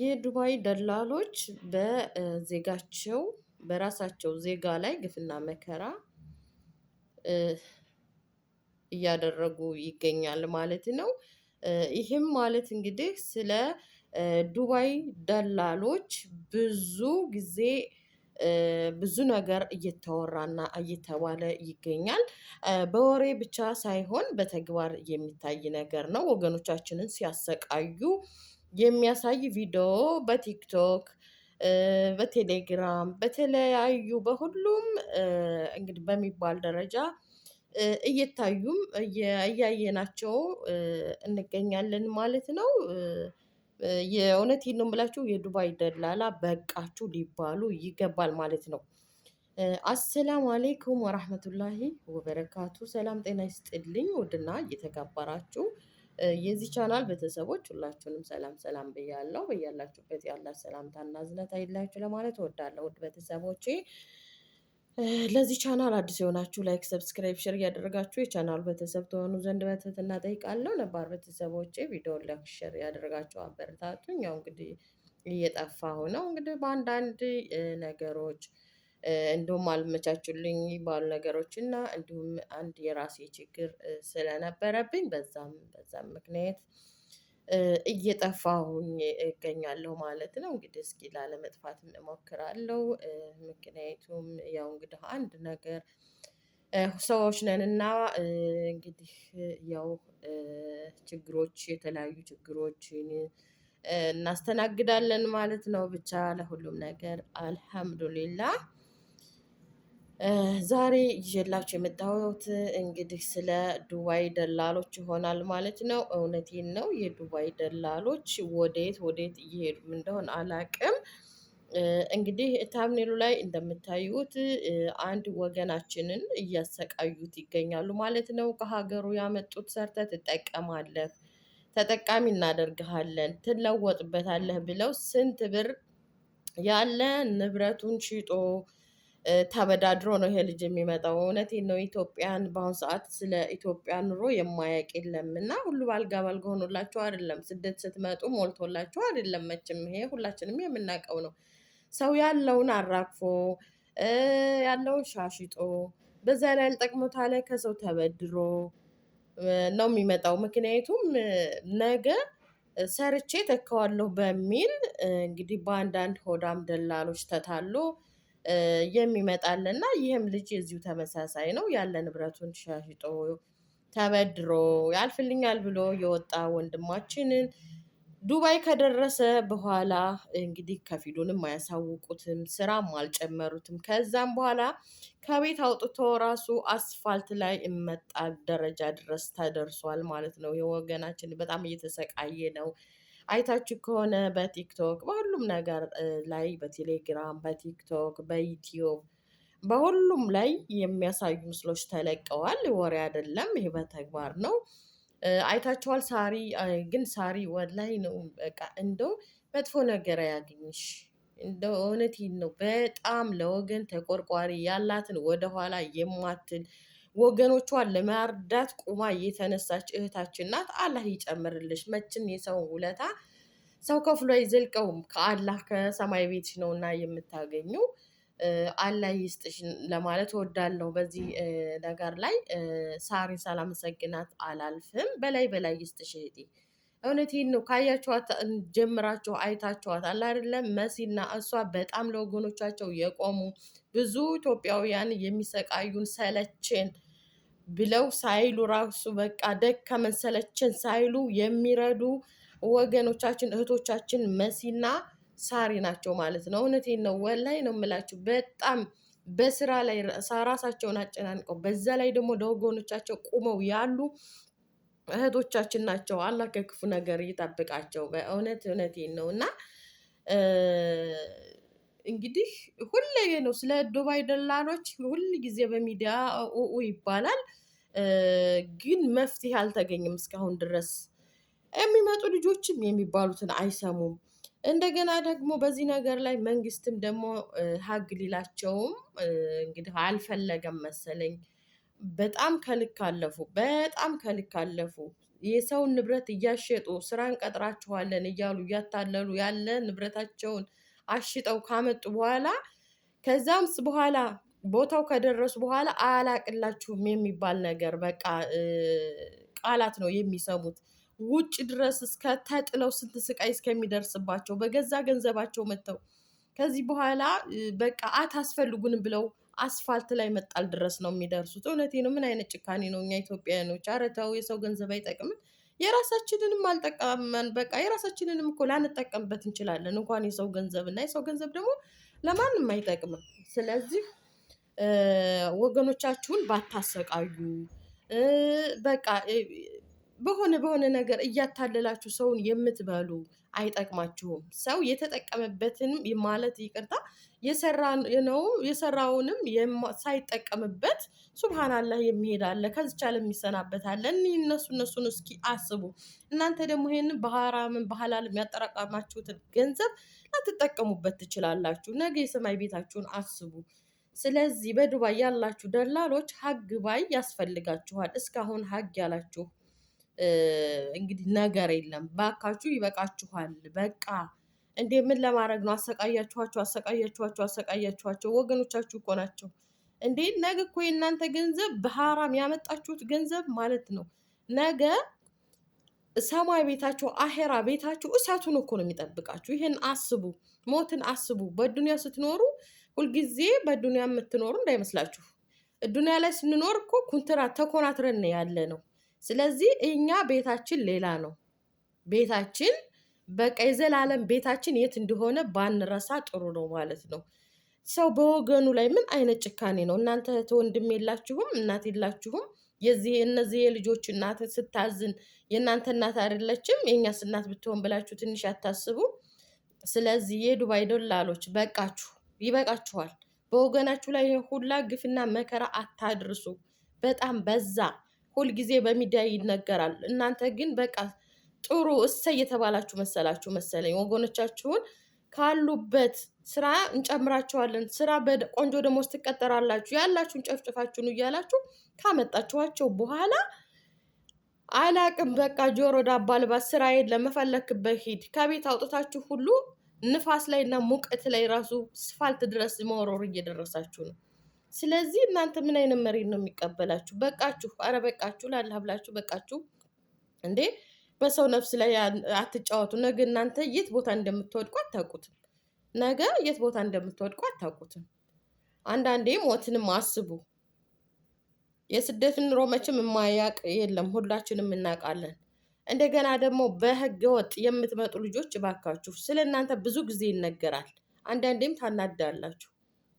የዱባይ ደላሎች በዜጋቸው በራሳቸው ዜጋ ላይ ግፍና መከራ እያደረጉ ይገኛል ማለት ነው። ይህም ማለት እንግዲህ ስለ ዱባይ ደላሎች ብዙ ጊዜ ብዙ ነገር እየተወራና እየተባለ ይገኛል። በወሬ ብቻ ሳይሆን በተግባር የሚታይ ነገር ነው። ወገኖቻችንን ሲያሰቃዩ የሚያሳይ ቪዲዮ በቲክቶክ በቴሌግራም በተለያዩ በሁሉም እንግዲህ በሚባል ደረጃ እየታዩም እያየናቸው እንገኛለን ማለት ነው። የእውነት ነው የምላችሁ የዱባይ ደላላ በቃችሁ ሊባሉ ይገባል ማለት ነው። አሰላሙ አሌይኩም ወራህመቱላሂ ወበረካቱ። ሰላም ጤና ይስጥልኝ ውድና እየተጋባራችሁ የዚህ ቻናል ቤተሰቦች ሁላችሁንም ሰላም ሰላም ብያለሁ። በያላችሁበት ያለ ሰላምታ እና እዝነት አይላችሁ ለማለት እወዳለሁ። ውድ ቤተሰቦቼ ለዚህ ቻናል አዲስ የሆናችሁ ላይክ፣ ሰብስክራይብ፣ ሼር እያደረጋችሁ የቻናሉ ቤተሰብ ተሆኑ ዘንድ በትህትና ጠይቃለሁ። ነባር ቤተሰቦቼ ቪዲዮን ላይክ፣ ሼር እያደረጋችሁ አበረታቱኝ። ያው እንግዲህ እየጠፋሁ ነው እንግዲህ በአንዳንድ ነገሮች እንዲሁም አልመቻቹልኝ ባሉ ነገሮች እና እንዲሁም አንድ የራሴ ችግር ስለነበረብኝ በዛም በዛም ምክንያት እየጠፋሁኝ እገኛለሁ ማለት ነው። እንግዲህ እስኪ ላለመጥፋት እሞክራለሁ። ምክንያቱም ያው እንግዲህ አንድ ነገር ሰዎች ነንና እንግዲህ ያው ችግሮች የተለያዩ ችግሮችን እናስተናግዳለን ማለት ነው። ብቻ ለሁሉም ነገር አልሐምዱሊላህ ዛሬ ይዤላችሁ የመጣሁት እንግዲህ ስለ ዱባይ ደላሎች ይሆናል ማለት ነው። እውነቴን ነው። የዱባይ ደላሎች ወዴት ወዴት እየሄዱ እንደሆን አላቅም። እንግዲህ ታምኔሉ ላይ እንደምታዩት አንድ ወገናችንን እያሰቃዩት ይገኛሉ ማለት ነው። ከሀገሩ ያመጡት ሰርተ ትጠቀማለህ፣ ተጠቃሚ እናደርግሃለን፣ ትለወጥበታለህ ብለው ስንት ብር ያለ ንብረቱን ሽጦ ተበዳድሮ ነው ይሄ ልጅ የሚመጣው። እውነት ነው። ኢትዮጵያን በአሁኑ ሰዓት ስለ ኢትዮጵያ ኑሮ የማያውቅ የለም እና ሁሉ ባልጋ ባልጋ ሆኖላቸው አይደለም። ስደት ስትመጡ ሞልቶላቸው አይደለም። መቼም ይሄ ሁላችንም የምናውቀው ነው። ሰው ያለውን አራግፎ ያለውን ሻሽጦ በዛ ላይ ልጠቅሞታ ላይ ከሰው ተበድሮ ነው የሚመጣው። ምክንያቱም ነገ ሰርቼ ተካዋለሁ በሚል እንግዲህ በአንዳንድ ሆዳም ደላሎች ተታሎ የሚመጣልና ይህም ልጅ የዚሁ ተመሳሳይ ነው። ያለ ንብረቱን ሸሽጦ ተበድሮ ያልፍልኛል ብሎ የወጣ ወንድማችንን ዱባይ ከደረሰ በኋላ እንግዲህ ከፊሉንም አያሳውቁትም፣ ስራም አልጨመሩትም። ከዛም በኋላ ከቤት አውጥቶ ራሱ አስፋልት ላይ እመጣል ደረጃ ድረስ ተደርሷል ማለት ነው። የወገናችን በጣም እየተሰቃየ ነው። አይታችሁ ከሆነ በቲክቶክ በሁሉም ነገር ላይ በቴሌግራም፣ በቲክቶክ፣ በዩቲዩብ በሁሉም ላይ የሚያሳዩ ምስሎች ተለቀዋል። ወሬ አይደለም፣ ይሄ በተግባር ነው። አይታችኋል። ሳሪ ግን ሳሪ ወላሂ ነው በቃ እንደው መጥፎ ነገር ያገኝሽ እንደ እውነት ነው። በጣም ለወገን ተቆርቋሪ ያላትን ወደኋላ የማትል ወገኖቿን ለማርዳት ቁማ እየተነሳች እህታችን ናት። አላህ ይጨምርልሽ። መቼም የሰውን ውለታ ሰው ከፍሎ አይዘልቀውም። ከአላህ ከሰማይ ቤት ነው እና የምታገኙ አላህ ይስጥሽ ለማለት እወዳለሁ። በዚህ ነገር ላይ ሳሪ ሳላመሰግናት አላልፍም። በላይ በላይ ይስጥሽ እህቴ፣ እውነቴን ነው። ካያችኋት ጀምራችሁ አይታችኋት አለ አይደለም? መሲና እሷ በጣም ለወገኖቻቸው የቆሙ ብዙ ኢትዮጵያውያን የሚሰቃዩን ሰለችን ብለው ሳይሉ ራሱ በቃ ደከመን ሰለቸን ሳይሉ የሚረዱ ወገኖቻችን እህቶቻችን መሲና ሳሪ ናቸው ማለት ነው። እውነቴን ነው፣ ወላይ ነው የምላችሁ። በጣም በስራ ላይ ራሳቸውን አጨናንቀው በዛ ላይ ደግሞ ለወገኖቻቸው ቁመው ያሉ እህቶቻችን ናቸው። አላህ ከክፉ ነገር ይጠብቃቸው። በእውነት እውነቴን ነው እና እንግዲህ ሁሌ ነው ስለ ዱባይ ደላሎች ሁል ጊዜ በሚዲያ ኡኡ ይባላል፣ ግን መፍትሄ አልተገኘም እስካሁን ድረስ። የሚመጡ ልጆችም የሚባሉትን አይሰሙም። እንደገና ደግሞ በዚህ ነገር ላይ መንግስትም ደግሞ ሀግ ሊላቸውም እንግዲህ አልፈለገም መሰለኝ። በጣም ከልክ አለፉ፣ በጣም ከልክ አለፉ። የሰውን ንብረት እያሸጡ ስራ እንቀጥራችኋለን እያሉ እያታለሉ ያለ ንብረታቸውን አሽጠው ካመጡ በኋላ ከዛም በኋላ ቦታው ከደረሱ በኋላ አላቅላችሁም የሚባል ነገር በቃ ቃላት ነው የሚሰሙት። ውጭ ድረስ እስከ ተጥለው ስንት ስቃይ እስከሚደርስባቸው በገዛ ገንዘባቸው መጥተው ከዚህ በኋላ በቃ አታስፈልጉንም ብለው አስፋልት ላይ መጣል ድረስ ነው የሚደርሱት። እውነቴ ነው። ምን አይነት ጭካኔ ነው? እኛ ኢትዮጵያውያኖች አረተው የሰው ገንዘብ አይጠቅምም። የራሳችንንም አልጠቀመን በቃ የራሳችንንም እኮ ላንጠቀምበት እንችላለን። እንኳን የሰው ገንዘብ እና የሰው ገንዘብ ደግሞ ለማንም አይጠቅምም። ስለዚህ ወገኖቻችሁን ባታሰቃዩ በቃ በሆነ በሆነ ነገር እያታለላችሁ ሰውን የምትበሉ አይጠቅማችሁም። ሰው የተጠቀመበትንም ማለት ይቅርታ የሰራነው የሰራውንም ሳይጠቀምበት ሱብሃናላህ የሚሄዳለ አለ፣ ከዚች ዓለም የሚሰናበት አለ። እነሱ እነሱን እስኪ አስቡ። እናንተ ደግሞ ይህን በሐራምን በሐላልም ያጠራቀማችሁትን ገንዘብ ላትጠቀሙበት ትችላላችሁ። ነገ የሰማይ ቤታችሁን አስቡ። ስለዚህ በዱባይ ያላችሁ ደላሎች ሀግ ባይ ያስፈልጋችኋል። እስካሁን ሀግ ያላችሁ እንግዲህ ነገር የለም። ባካችሁ ይበቃችኋል። በቃ እንዴ ምን ለማድረግ ነው? አሰቃያችኋቸው፣ አሰቃያችኋቸው፣ አሰቃያችኋቸው። ወገኖቻችሁ እኮ ናቸው እንዴ። ነገ እኮ የእናንተ ገንዘብ በሀራም ያመጣችሁት ገንዘብ ማለት ነው። ነገ ሰማይ ቤታቸው፣ አሄራ ቤታቸው እሳቱን እኮ ነው የሚጠብቃችሁ። ይህን አስቡ፣ ሞትን አስቡ። በዱንያ ስትኖሩ ሁልጊዜ በዱንያ የምትኖሩ እንዳይመስላችሁ። ዱኒያ ላይ ስንኖር እኮ ኩንትራት ተኮናትረን ያለ ነው። ስለዚህ እኛ ቤታችን ሌላ ነው ቤታችን በቃ የዘላለም ቤታችን የት እንደሆነ ባንረሳ ጥሩ ነው ማለት ነው። ሰው በወገኑ ላይ ምን አይነት ጭካኔ ነው? እናንተ ወንድም የላችሁም እናት የላችሁም? የዚህ እነዚህ የልጆች እናት ስታዝን የእናንተ እናት አይደለችም የእኛስ እናት ብትሆን ብላችሁ ትንሽ አታስቡ? ስለዚህ የዱባይ ደላሎች በቃችሁ፣ ይበቃችኋል። በወገናችሁ ላይ ሁላ ግፍና መከራ አታድርሱ። በጣም በዛ። ሁልጊዜ በሚዲያ ይነገራል። እናንተ ግን በቃ ጥሩ እሰ የተባላችሁ መሰላችሁ መሰለኝ። ወገኖቻችሁን ካሉበት ስራ እንጨምራቸዋለን፣ ስራ ቆንጆ ደሞዝ ትቀጠራላችሁ፣ ያላችሁን ጨፍጭፋችሁን እያላችሁ ካመጣችኋቸው በኋላ አላቅም በቃ ጆሮ ዳባ ስራ ስራዬን ለመፈለክበት ሂድ። ከቤት አውጥታችሁ ሁሉ ንፋስ ላይ እና ሙቀት ላይ ራሱ ስፋልት ድረስ መወረር እየደረሳችሁ ነው። ስለዚህ እናንተ ምን አይነት መሬት ነው የሚቀበላችሁ? በቃችሁ፣ አረ በቃችሁ፣ ላላ ብላችሁ በቃችሁ እንዴ በሰው ነፍስ ላይ አትጫወቱ። ነገ እናንተ የት ቦታ እንደምትወድቁ አታውቁትም። ነገ የት ቦታ እንደምትወድቁ አታውቁትም። አንዳንዴ ሞትንም አስቡ። የስደትን ኑሮ መቼም የማያውቅ የለም፣ ሁላችንም እናውቃለን። እንደገና ደግሞ በህገ ወጥ የምትመጡ ልጆች እባካችሁ፣ ስለ እናንተ ብዙ ጊዜ ይነገራል። አንዳንዴም ታናዳላችሁ።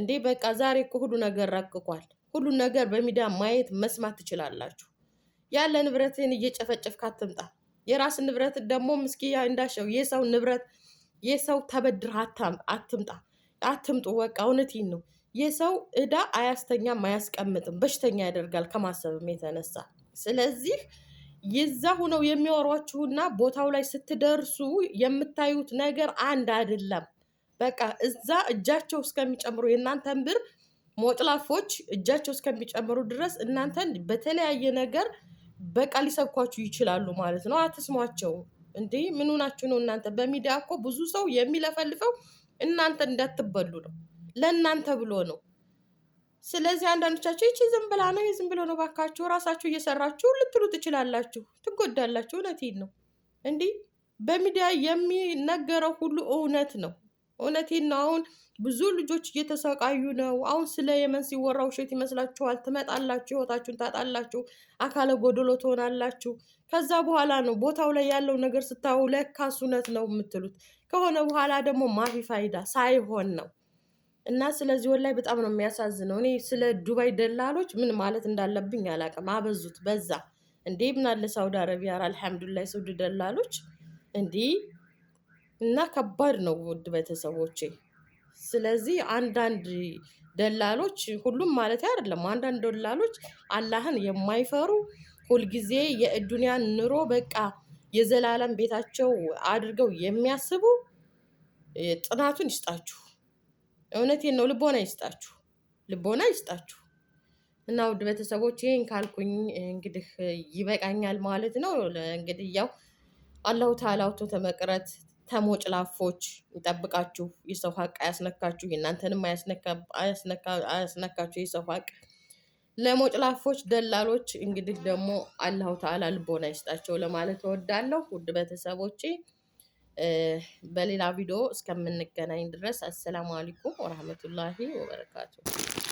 እንዴ በቃ ዛሬ እኮ ሁሉ ነገር ረቅቋል። ሁሉ ነገር በሚዲያ ማየት መስማት ትችላላችሁ። ያለ ንብረትን እየጨፈጨፍክ አትምጣ። የራስ ንብረት ደግሞ ምስኪ እንዳሸው የሰው ንብረት የሰው ተበድር አትምጣ አትምጡ። በቃ እውነቴን ነው። የሰው እዳ አያስተኛም፣ አያስቀምጥም፣ በሽተኛ ያደርጋል ከማሰብም የተነሳ ስለዚህ የዛ ሁነው የሚወሯችሁና ቦታው ላይ ስትደርሱ የምታዩት ነገር አንድ አይደለም። በቃ እዛ እጃቸው እስከሚጨምሩ የእናንተን ብር ሞጥላፎች እጃቸው እስከሚጨምሩ ድረስ እናንተን በተለያየ ነገር በቃ ሊሰብኳችሁ ይችላሉ ማለት ነው። አትስሟቸው። እንዴ ምኑ ናችሁ ነው እናንተ? በሚዲያ እኮ ብዙ ሰው የሚለፈልፈው እናንተ እንዳትበሉ ነው፣ ለእናንተ ብሎ ነው። ስለዚህ አንዳንዶቻቸው ይቺ ዝም ብላ ነው ዝም ብሎ ነው ባካችሁ፣ ራሳችሁ እየሰራችሁ ልትሉ ትችላላችሁ፣ ትጎዳላችሁ። እውነቴን ነው። እንዲህ በሚዲያ የሚነገረው ሁሉ እውነት ነው። እውነቴን ነው አሁን ብዙ ልጆች እየተሰቃዩ ነው። አሁን ስለ የመን ሲወራ ውሸት ይመስላችኋል? ትመጣላችሁ፣ ህይወታችሁን ታጣላችሁ፣ አካለ ጎደሎ ትሆናላችሁ። ከዛ በኋላ ነው ቦታው ላይ ያለው ነገር ስታዩ ለካስ እውነት ነው የምትሉት። ከሆነ በኋላ ደግሞ ማፊ ፋይዳ ሳይሆን ነው እና ስለዚህ ወላይ በጣም ነው የሚያሳዝነው። እኔ ስለ ዱባይ ደላሎች ምን ማለት እንዳለብኝ አላውቅም። አበዙት በዛ እንዴ ምናለ ሳውዲ አረቢያ አልሐምዱሊላህ ሳውዲ ደላሎች እንዲህ እና ከባድ ነው ውድ ቤተሰቦቼ። ስለዚህ አንዳንድ ደላሎች ሁሉም ማለት አይደለም፣ አንዳንድ ደላሎች አላህን የማይፈሩ ሁልጊዜ የዱንያን ኑሮ በቃ የዘላለም ቤታቸው አድርገው የሚያስቡ ጥናቱን ይስጣችሁ። እውነቴን ነው። ልቦና ይስጣችሁ፣ ልቦና ይስጣችሁ። እና ውድ ቤተሰቦች ይህን ካልኩኝ እንግዲህ ይበቃኛል ማለት ነው። እንግዲህ ያው አላሁ ተዓላ አውጥቶ ተመቅረት ተሞጭ ላፎች ይጠብቃችሁ። የሰው ሀቅ አያስነካችሁ፣ የእናንተንም አያስነካችሁ የሰው ሀቅ። ለሞጭ ላፎች ደላሎች እንግዲህ ደግሞ አላሁ ተዓላ ልቦና ይስጣቸው ለማለት እወዳለሁ። ውድ ቤተሰቦቼ በሌላ ቪዲዮ እስከምንገናኝ ድረስ አሰላሙ አለይኩም ወረህመቱላሂ ወበረካቱ።